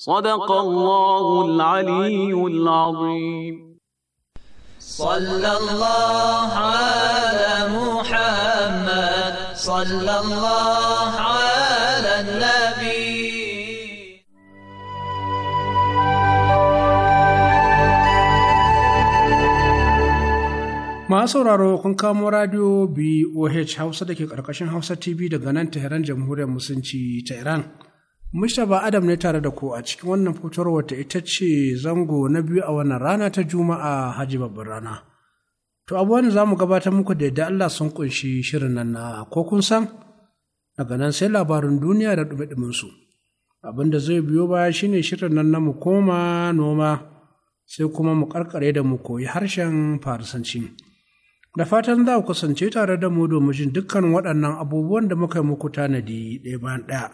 صدق الله العلي العظيم صلى الله على محمد صلى الله على النبي Masu sauraro kun kamo radio BOH Hausa da ke ƙarƙashin Hausa TV daga nan Tehran Jamhuriyar Musulunci ta Iran. Mustapha Adam ne tare da ku a cikin wannan fitarwar ta ita ce zango na biyu a wannan rana ta Juma'a Haji Babban rana. To abuwan za mu gabatar muku da yadda Allah sun kunshi shirin nan na ko kun san daga nan sai labarin duniya da ɗumi su. Abin da zai biyo baya shine shirin nan na mu koma noma sai kuma mu karkare da mu koyi harshen Farisanci. Da fatan za ku kasance tare da mu domin jin dukkan waɗannan abubuwan da muka yi muku tanadi ɗaya bayan ɗaya.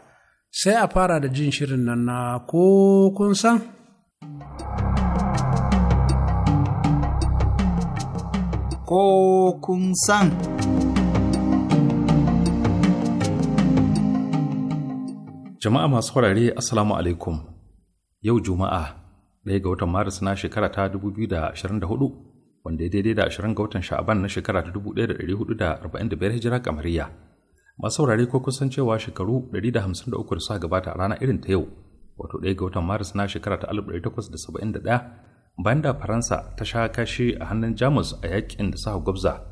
sai a fara da jin shirin nan na ko kun san. Ko kun san. Jama'a masu kwarare Assalamu alaikum, yau Juma'a ɗaya ga watan Maris na shekara ta 2024 wanda ya daidai da 20 ga watan Sha'aban na shekara ta 1445 hijira kamariya. Masaurari ko kusan cewa shekaru 153 da suka gabata a rana irin ta yau wato ɗaya ga watan maris na shekara ta 1871 bayan da faransa ta sha kashi a hannun jamus a yakin da suka gwabza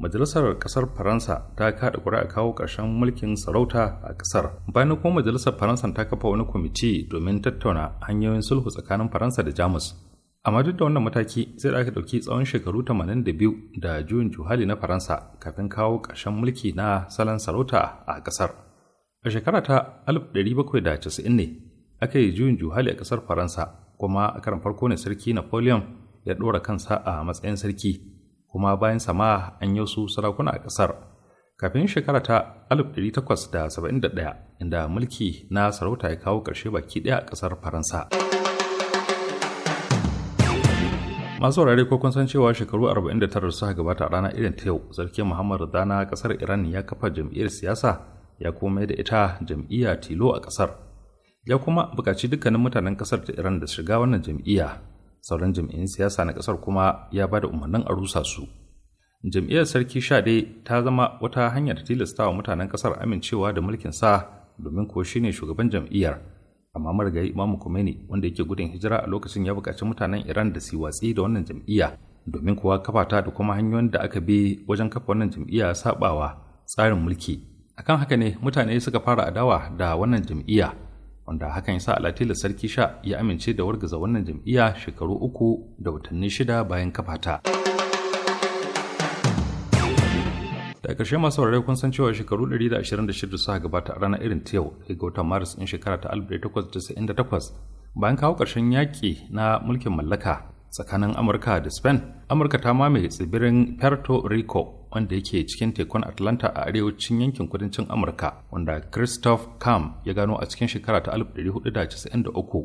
majalisar kasar faransa ta kaɗa a kawo ƙarshen mulkin sarauta a ƙasar. bayan kuma majalisar faransa ta kafa wani kwamiti domin tattauna hanyoyin sulhu tsakanin faransa da jamus amma duk da wannan mataki sai da aka ɗauki tsawon shekaru 82 da juyin juhali na faransa kafin kawo ƙarshen mulki na salon sarauta a ƙasar a shekara ta 1790 ne aka yi juyin juhali a ƙasar faransa kuma a karan farko ne sarki napoleon ya ɗora kansa a matsayin sarki kuma bayan sama an yi su sarakuna a ƙasar kafin shekara ta 1871 inda mulki na sarauta ya kawo ƙarshe baki ɗaya a ƙasar faransa. masu wurare ko kun san cewa shekaru 49 suka gabata a ranar irin ta yau sarki muhammad dana kasar iran ya kafa jam'iyyar siyasa ya kuma da ita jam'iyya tilo a kasar ya kuma bukaci dukkanin mutanen kasar ta iran da shiga wannan jam'iyya sauran jam'iyyun siyasa na kasar kuma ya ba da umarnin a rusa su jam'iyyar sarki shade ta zama wata hanyar tilasta wa mutanen kasar amincewa da mulkin sa domin ko shine shugaban jam'iyyar amma marigayi imamu Khomeini wanda yake gudun hijira a lokacin ya bukaci mutanen iran da su watsi da wannan jam'iyya domin kuwa kafa da kuma hanyoyin da aka bi wajen kafa wannan jam'iyya sabawa tsarin mulki akan haka ne mutane suka fara adawa da wannan jam'iyya wanda hakan ya sa alatila sarki sha ya amince da wargaza wannan jam'iyya shekaru uku da watanni shida bayan kafa ta. da ƙarshe masu saurare kun san cewa shekaru 126 suka gabata a ranar irin ta yau ga watan maris in shekara ta 1898 bayan kawo ƙarshen yaƙi na mulkin mallaka tsakanin amurka da spain amurka ta mamaye tsibirin puerto rico wanda yake cikin tekun atlanta a arewacin yankin kudancin amurka wanda christoph kam ya gano a cikin shekara ta 1493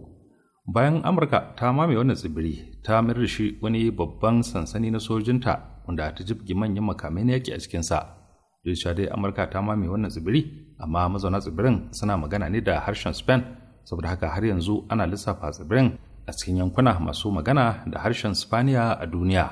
bayan amurka ta mamaye wannan tsibiri ta mayar da shi wani babban sansani na sojinta wanda ta jibgi manyan makamai na yaƙi a cikinsa duk sha dai amurka ta mame wannan tsibiri amma mazauna tsibirin suna magana ne da harshen spain saboda haka har yanzu ana lissafa tsibirin a cikin yankuna masu magana da harshen spaniya a duniya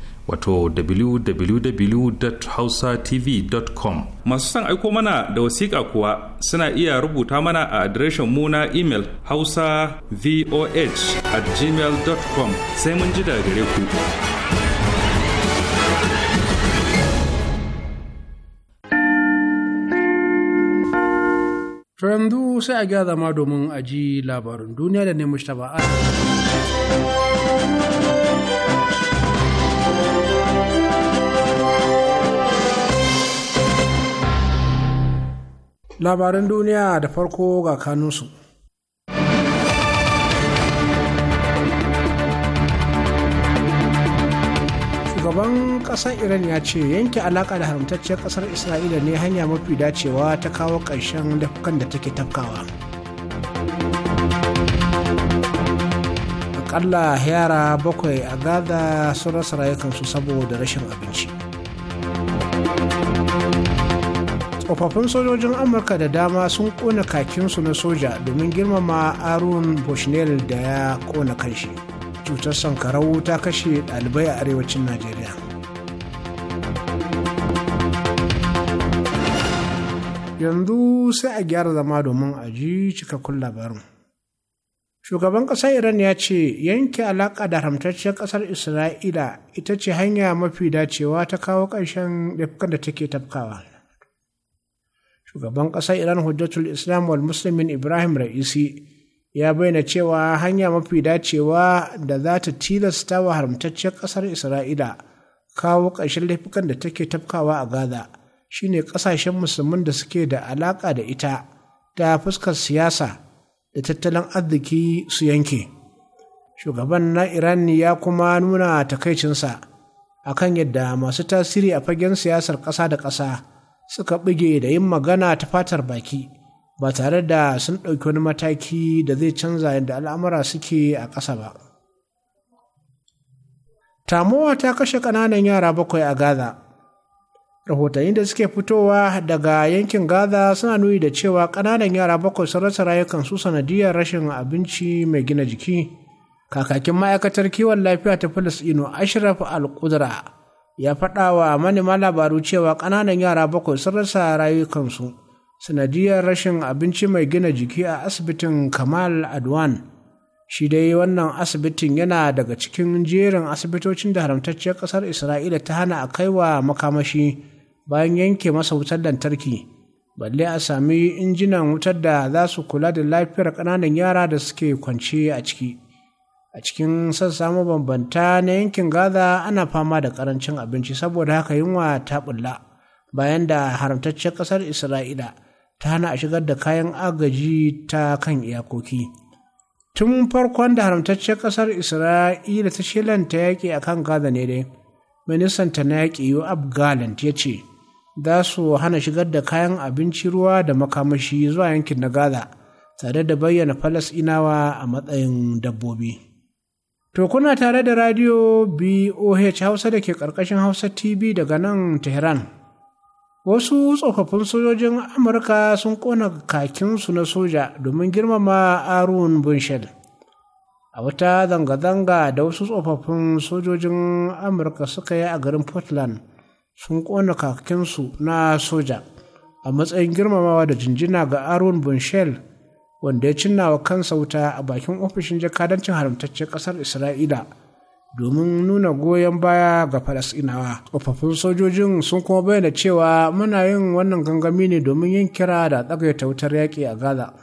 wato www.hausatv.com masu son aiko mana da wasiƙa kuwa suna iya rubuta mana a adireshin mu na imel hausa voh at gmail.com sai mun ji daga gare ku Randu sai a gyara ma domin a ji labarin duniya da ne mushtaba labaran duniya da farko ga kanunsu. shugaban ƙasar iran ya ce yanke alaƙa da haramtacciyar ƙasar isra'ila ne hanya mafi dacewa ta kawo ƙarshen dafukan da take tafkawa akalla yara bakwai a gaza sun rasa rayukansu saboda rashin abinci tsofaffin sojojin amurka da dama sun kona kakinsu na soja domin girmama arun bushnell da ya kona kanshi cutar sankarau ta kashe ɗalibai a arewacin najeriya yanzu sai a gyara zama domin a ji cikakkun labarin shugaban ƙasar iran ya ce yanke alaƙa da haramtacciyar ƙasar isra'ila ita ce hanya mafi dacewa ta kawo ƙarshen laifukan da take tafkawa shugaban ƙasar iran hujjatul islam wal muslimin ibrahim ra'isi ya bayyana cewa hanya mafi dacewa da za ta tilasta wa haramtacciyar ƙasar isra'ila kawo ƙarshen laifukan da take tafkawa a gaza shine ƙasashen musulmin da suke da alaƙa da ita ta fuskar siyasa da tattalin arziki su yanke shugaban na iran ya kuma nuna takaicinsa akan yadda masu tasiri a fagen siyasar ƙasa da ƙasa suka bige da yin magana ta fatar baki ba tare da sun ɗauki wani mataki da zai canza yadda al'amura suke a ƙasa ba. Tamowa ta kashe ƙananan yara bakwai a Gaza. Rahotanni da suke fitowa daga yankin Gaza suna nuni da cewa ƙananan yara bakwai sun rasa rayukan su sanadiyar rashin abinci mai gina jiki. Kakakin ma'aikatar kiwon lafiya ta Falasɗinu Ashraf Al-Qudra ya faɗa wa manema labaru cewa ƙananan yara bakwai sun rasa rayukansu sanadiyar rashin abinci mai gina jiki a asibitin kamal adwan shi dai wannan asibitin yana daga cikin jerin asibitocin da haramtacciyar ƙasar isra'ila ta hana a kai wa makamashi bayan yanke masa wutar lantarki balle a sami injinan wutar da za su kula da lafiyar ƙananan yara da suke kwance a ciki a cikin sassa mabambanta na yankin gaza ana fama da karancin abinci saboda haka yunwa ta bulla bayan da haramtaccen ƙasar isra'ila ta hana a shigar da kayan agaji ta kan iyakoki tun farkon da haramtaccen ƙasar isra'ila ta shilanta yaƙi a kan gaza ne dai ministan ta na yaƙi yoab galant ya ce za su hana shigar da kayan abinci ruwa da makamashi zuwa yankin na gaza tare da bayyana falasinawa a matsayin dabbobi. To kuna tare da radio BOH Hausa da ke ƙarƙashin Hausa TV daga nan Tehran. Wasu tsofaffin sojojin Amurka sun ƙona kakinsu na soja domin girmama Arun Bunshel. A wata zanga-zanga da wasu tsofaffin sojojin Amurka suka yi a garin Portland sun ƙona kakinsu na soja a matsayin girmamawa da jinjina ga Arun Bunshel. wanda ya cinna wa kansa wuta a bakin ofishin jakadancin haramtaccen ƙasar isra'ila domin nuna goyon baya ga falasinawa tsofaffin sojojin sun kuma bayyana cewa muna yin wannan gangami ne domin yin kira da tsagaita wutar yaƙi a gaza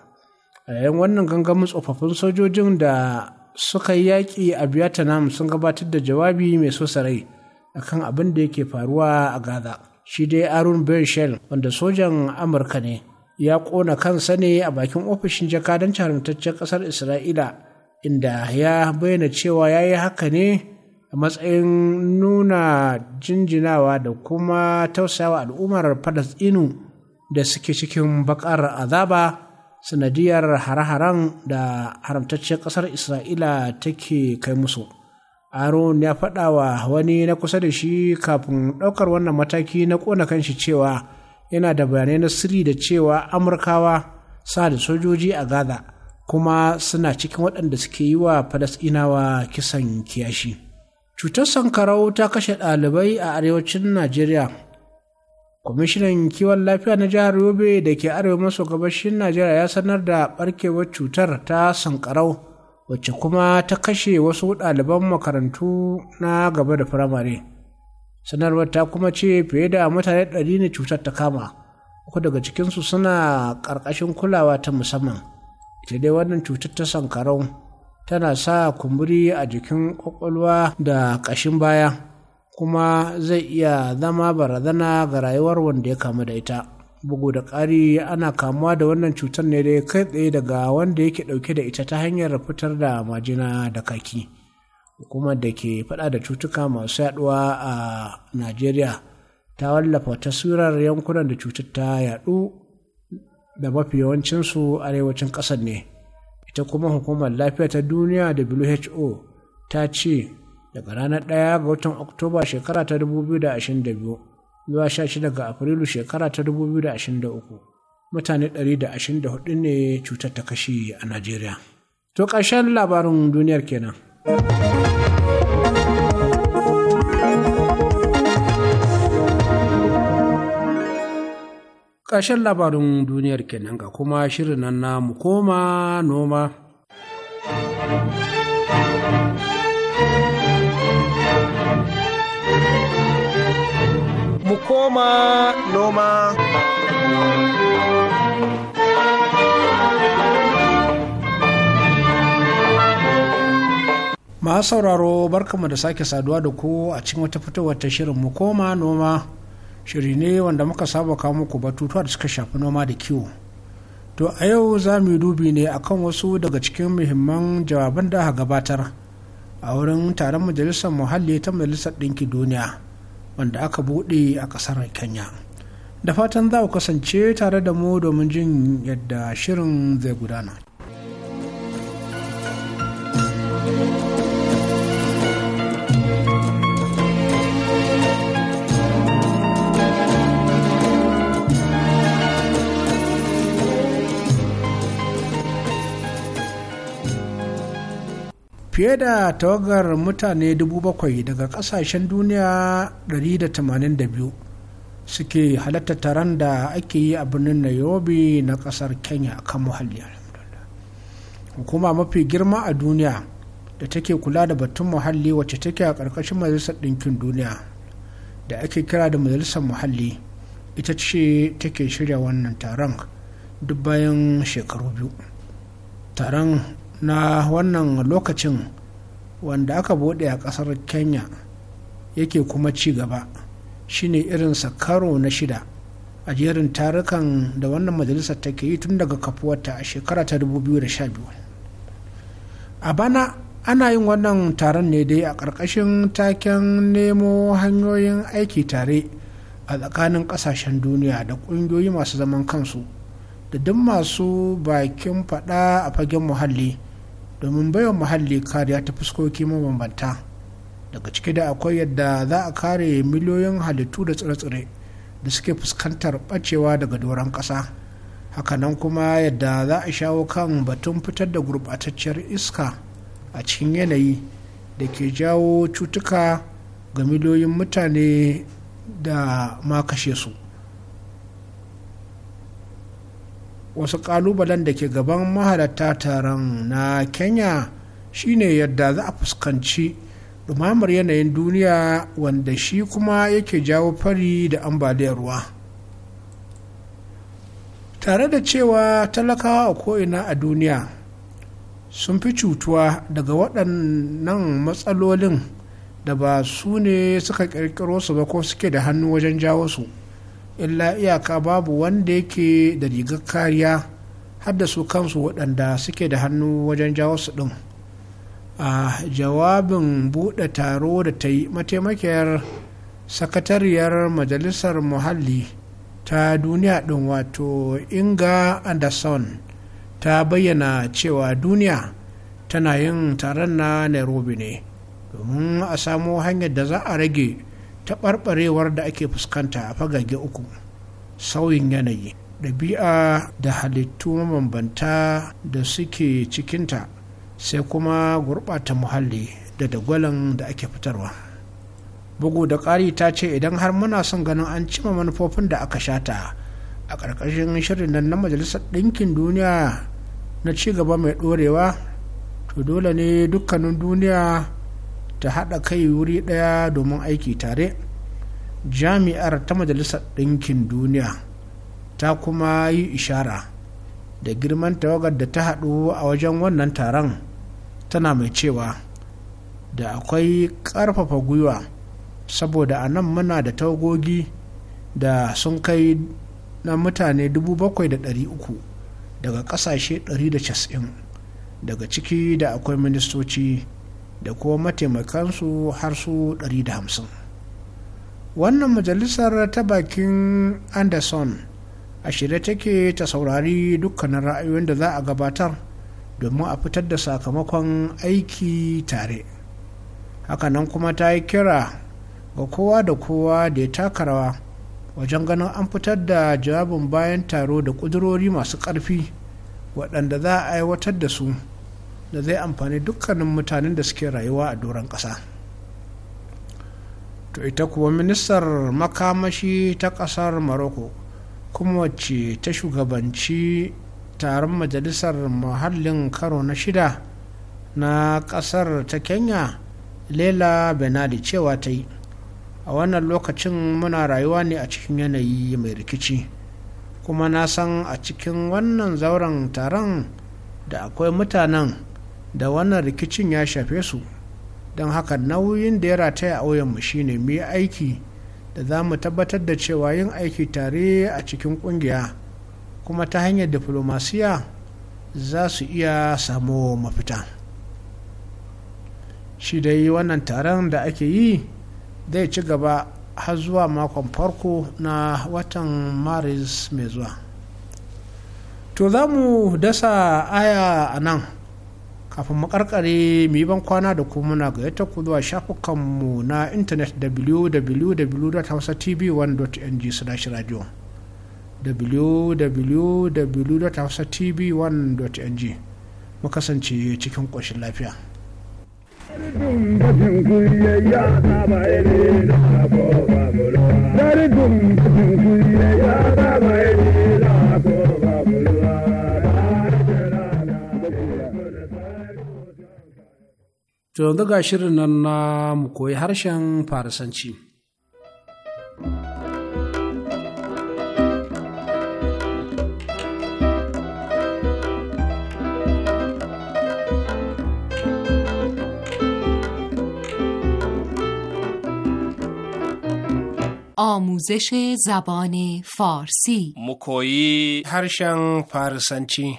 a yayin wannan gangamin tsofaffin sojojin da suka yi yaƙi a biyatanam sun gabatar da jawabi mai so sarai akan abin da yake faruwa a gaza shi dai arun bershel wanda sojan amurka ne ya ƙona kansa ne a bakin ofishin jakadancin haramtaccen ƙasar isra'ila inda ya bayyana cewa ya yi haka ne a matsayin nuna jinjinawa da kuma tausayawa al'ummar falasɗinu da suke cikin bakar azaba sanadiyar hare-haren da haramtaccen ƙasar isra'ila take kai musu aron ya faɗa wa wani na kusa da shi kafin ɗaukar wannan mataki na ƙona kanshi cewa yana da bayanai na sirri da cewa amurkawa sa da sojoji a gaza kuma suna cikin waɗanda suke yi wa falasɗinawa kisan kiyashi cutar sankarau ta kashe ɗalibai a arewacin najeriya kwamishinan kiwon lafiya na jihar yobe da ke arewa maso gabashin najeriya ya sanar da ɓarkewar cutar ta sankarau wacce kuma ta kashe wasu ɗaliban makarantu na gaba da firamare. sanarwar ta kuma ce fiye da mutane ɗari ne cutar ta kama uku daga cikinsu suna ƙarƙashin kulawa ta musamman ita dai wannan cutar ta sankarau tana sa kumburi a jikin ƙwaƙwalwa da ƙashin baya kuma zai iya zama barazana ga rayuwar wanda ya kamu da ita bugu da ƙari ana kamuwa da wannan cutar ne dai kai tsaye daga wanda yake ɗauke da ita ta hanyar fitar da majina da kaki. hukumar da ke fada da cutuka masu yaduwa a najeriya ta wallafa taswirar yankunan da cutar ta yadu da mafi yawancinsu arewacin ƙasar ne ita kuma hukumar lafiya ta duniya who ta ce daga ranar 1 ga watan oktoba shekara ta 2022 zuwa 16 ga afrilu shekara ta 2023 mutane 124 ne cutar ta kashe a najeriya to ƙarshen labarin duniyar kenan. ƙarshen labarin duniyar kenan ga kuma shirin nan na mu koma noma. Mu koma noma. Masu sauraro barkamu da sake saduwa da ku a cikin wata fitowar ta shirin mu koma noma. shiri ne wanda muka saba kawo muku batutuwa da suka shafi noma da kiwo to a yau za mu yi dubi ne akan wasu daga cikin muhimman jawaban da aka gabatar a wurin taron majalisar muhalli ta majalisar ɗinki duniya wanda aka buɗe a ƙasar kenya da fatan za ku kasance tare da mu domin jin yadda shirin zai gudana fiye da tawagar mutane 7,000 daga kasashen duniya 182 suke halatta taron da ake yi a birnin nairobi na kasar kenya kan muhalli hukuma mafi girma a duniya da take kula da batun muhalli wacce take a ƙarƙashin majalisar ɗinkin duniya da ake kira da majalisar muhalli ita ce take shirya wannan taron duk bayan shekaru biyu taron na wannan lokacin wanda aka bude a kasar kenya yake kuma ci gaba shine irinsa karo na shida a jerin tarukan da wannan majalisar take yi tun daga kafuwarta a shekara ta 2012 a bana ana yin wannan taron ne dai a ƙarƙashin taken nemo hanyoyin aiki tare a tsakanin ƙasashen duniya da ƙungiyoyi masu zaman kansu da duk masu bakin faɗa a fagen muhalli domin baiwa muhalli kariya ta fuskoki mabambanta daga ciki da akwai yadda za a kare miliyoyin halittu da tsire-tsire da suke fuskantar bacewa daga doron ƙasa hakanan kuma yadda za a shawo kan batun fitar da gurɓatacciyar iska a cikin yanayi da ke jawo cutuka ga miliyoyin mutane da ma kashe su. wasu kalubalen da ke gaban mahalarta taron na kenya shine yadda za a fuskanci dumamar yanayin duniya wanda shi kuma yake jawo fari da ambaliyar ruwa tare da cewa talakawa a ko'ina a duniya sun fi cutuwa daga waɗannan matsalolin da ba su ne suka ƙirƙiro su ba ko suke da hannu wajen jawo su illa iyaka babu wanda yake da rigar kariya har da su kansu waɗanda suke da hannu wajen jawo su ɗin a jawabin buɗe taro da ta yi mataimakiyar sakatariyar majalisar muhalli ta duniya ɗin wato inga anderson ta bayyana cewa duniya tana yin taron na nairobi ne domin a samo hanyar da za a rage taɓarɓarewar da ake fuskanta a fagage uku sauyin yanayi ɗabi'a da halittu mabambanta da suke cikinta sai kuma gurɓata muhalli da dagwalon da ake fitarwa bugu da ƙari ta ce idan har muna son ganin an cima manufofin da aka shata a ƙarƙashin shirin nan na majalisar ɗinkin duniya na ci gaba mai ɗorewa to dole ne dukkanin duniya ta haɗa kai wuri ɗaya domin aiki tare jami'ar ta majalisar ɗinkin duniya ta kuma yi ishara da girman tawagar da ta haɗu a wajen wannan taron tana mai cewa da akwai ƙarfafa gwiwa saboda a nan muna da tawagogi da sun kai na mutane 7,300 daga ƙasashe 190 daga ciki da akwai ministoci da kuma mataimakansu har su 150 wannan majalisar ta bakin anderson a shirye take ta saurari dukkanin ra'ayoyin da za a gabatar domin a fitar da sakamakon aiki tare hakanan kuma ta yi kira ga kowa da kowa da ya taka rawa wajen ganin an fitar da jawabin bayan taro da kudurori masu ƙarfi waɗanda za a aiwatar da su da zai amfani dukkanin mutanen da suke rayuwa a doron ƙasa to ita kuwa ministar makamashi ta ƙasar maroko kuma wacce ta shugabanci taron majalisar muhallin karo na shida na ƙasar ta kenya lela benadi cewa ta yi a wannan lokacin muna rayuwa ne a cikin yanayi mai rikici kuma na san a cikin wannan zauren taron da akwai mutanen da wannan rikicin ya shafe su don haka nauyin da ya rataya a wuyanmu shine mu yi aiki da za mu tabbatar da cewa yin aiki tare a cikin kungiya kuma ta hanyar diflomasiya za su iya samu mafita shi dai wannan taron da ake yi zai ci gaba har zuwa makon farko na watan maris mai zuwa to za mu dasa aya a nan kafin makarkare mu yi ban kwana da kuma muna gayyata ku zuwa shafukanmu na intanet www.hausatv1.ng/radio www.hausatv1.ng mu kasance cikin ƙoshin lafiya. Dari dum dum kuye ya ba to yanzu ga shirin nan na mu koyi harshen farisanci آموزش زبان فارسی مکویی هرشن فارسنچی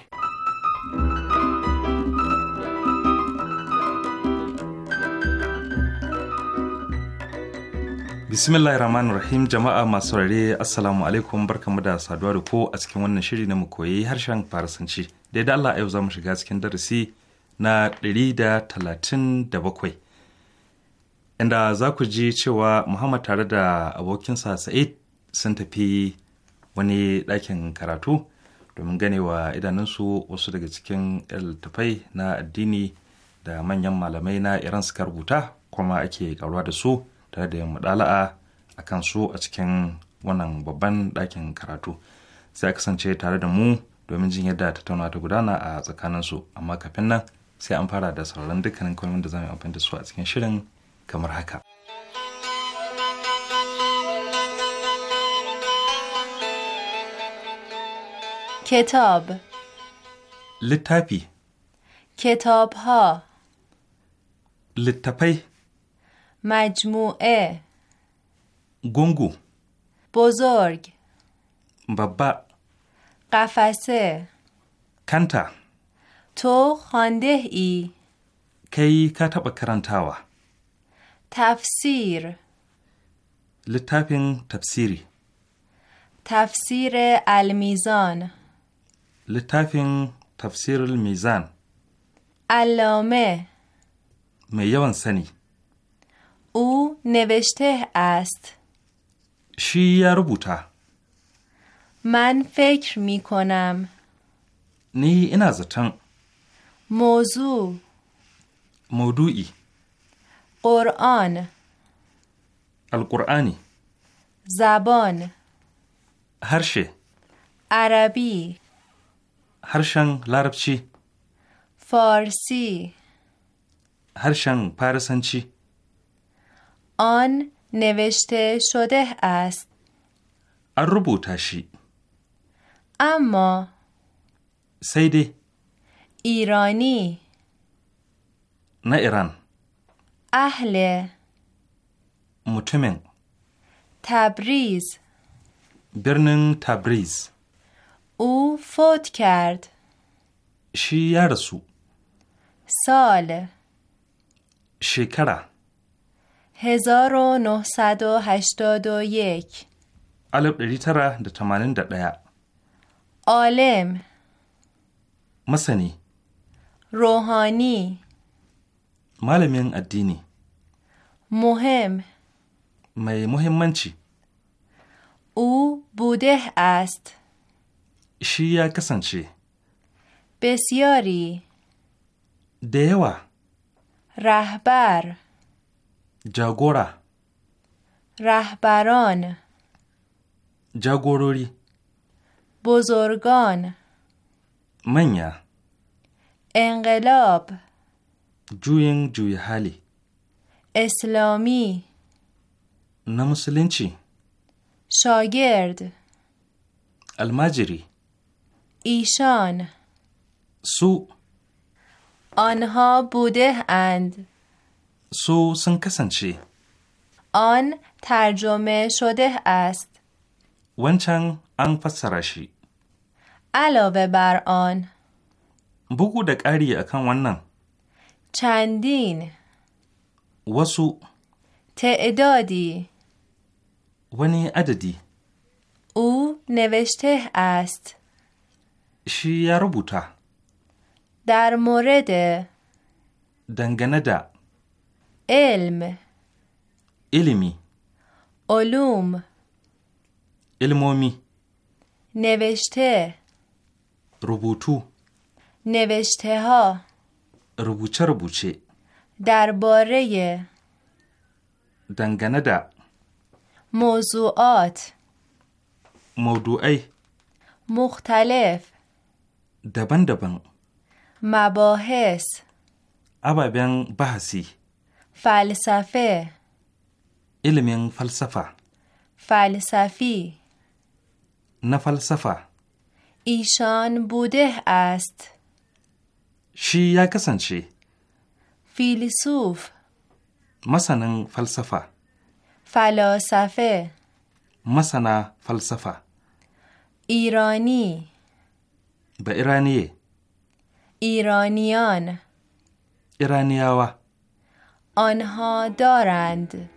rahim jama'a masu rare assalamu alaikum barkamu da saduwa da ko a cikin wannan shiri na mu koyi harshen farasanci. Da da Allah yau za mu shiga cikin darasi na ɗari da da talatin bakwai. Inda za ku ji cewa Muhammad tare da abokinsa Sa'id sun tafi wani ɗakin karatu domin ganewa idanunsu wasu daga cikin littattafai na addini da manyan malamai na Iran suka rubuta kuma ake ƙaruwa da su. tare da yin mudala'a a kan su a cikin wannan babban ɗakin karatu sai a kasance tare da mu domin jin yadda tattauna ta gudana a tsakanin su amma kafin nan sai an fara da sauran dukkanin kalmomin da za mu amfani da su a cikin shirin kamar haka. ketab. Littafi. Ketab ha Littafai. مجموعه گونگو بزرگ بابا قفسه کنتا تو خانده ای کی کتاب کرانتاوا تفسیر لطفین تفسیری تفسیر المیزان لطفین تفسیر المیزان علامه میوان سنی او نوشته است شی بوده من فکر می کنم نی این از موضوع موضوعی قرآن القرآنی زبان هرشه عربی هرشن لربچی فارسی هرشن پارسنچی آن نوشته شده است تشی اما سیدی ایرانی نه ایران اهل متمن تبریز برنن تبریز او فوت کرد شیرسو سال شکره 1981 Alif 981 Alim Masani Rohani Malamin addini Muhim Mai muhimmanci U budeh ast Shi ya kasance Besiyari Da yawa Rahbar جاگورا رهبران جاگوروری بزرگان منیا انقلاب جوین جوی حالی اسلامی نمسلنچی شاگرد المجری ایشان سو آنها بوده اند سو سن کسنچی آن ترجمه شده است ونچن ان فسرشی علاوه بر آن بگو دکاری اکن ونن چندین وسو تعدادی ونی عددی او نوشته است شی یا ربوتا در مورد دنگنه دا علم علمی علوم علمومی نوشته روبوتو نوشته ها روبوچه روبوچه درباره دنگنه موضوعات موضوعی مختلف دبن دبن مباحث ابابن بحثی falsafe ilimin falsafa falsafi na falsafa ishan bude shi ya kasance filisuf masanin falsafa falsafe masana falsafa irani ba iraniye iraniyan iraniyawa آنها دارند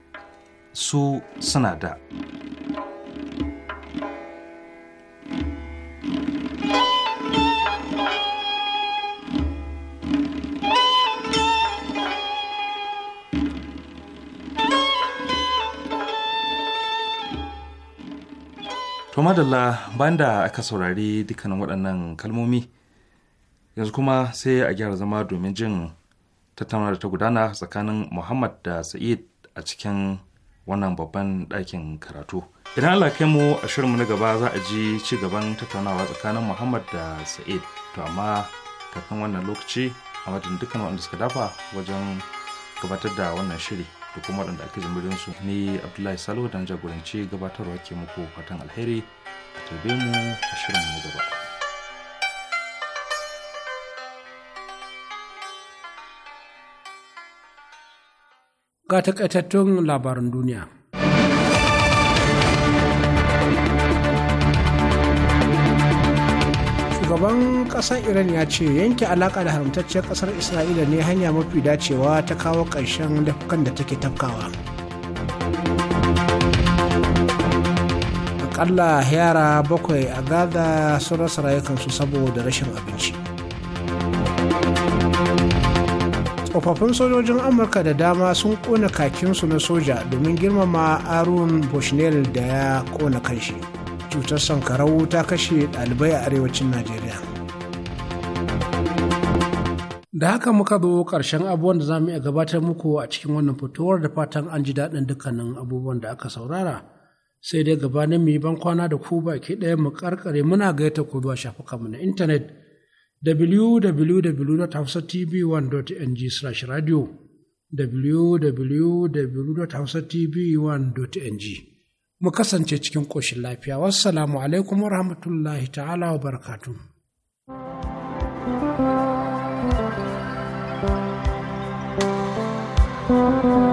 سو سنادا To madalla bayan da aka saurari dukkanin waɗannan kalmomi yanzu kuma sai a gyara zama domin jin da ta gudana tsakanin muhammad da sa'id a cikin wannan babban ɗakin karatu idan allah kai mu a shirinmu na gaba za a ji ci gaban tattaunawa tsakanin muhammad da sa'id to amma kafin wannan lokaci a madadin dukkan waɗanda suka dafa wajen gabatar da wannan shiri da kuma waɗanda ake jimirin su ni abdullahi salo don jagoranci gabatarwa ke muku fatan alheri a tarbe mu a shirinmu na gaba ga takaitattun labaran duniya. Shugaban ƙasar Iran ya ce yanke alaƙa da haramtacciyar ƙasar Isra'ila ne hanya mafi dacewa ta kawo ƙarshen dafukan da take tafkawa. Aƙalla yara bakwai a Gaza sun rasa rayukansu saboda rashin abinci. tsofaffin sojojin amurka da dama sun kona kakinsu na soja domin girmama arun bushnell da ya kona kanshi cutar sankarau ta kashe ɗalibai a arewacin najeriya da haka muka zo ƙarshen abubuwan da za mu iya gabatar muku a cikin wannan fitowar da fatan an ji daɗin dukkanin abubuwan da aka saurara sai dai gabanin mu yi ban kwana da ku baki ɗaya mu karkare muna gaita ku zuwa shafukanmu na intanet www.hausatv1.ng/radio www.hausatv1.ng mu kasance cikin ƙoshin lafiya wassalamu alaikum wa rahmatullahi ta'ala wa thank you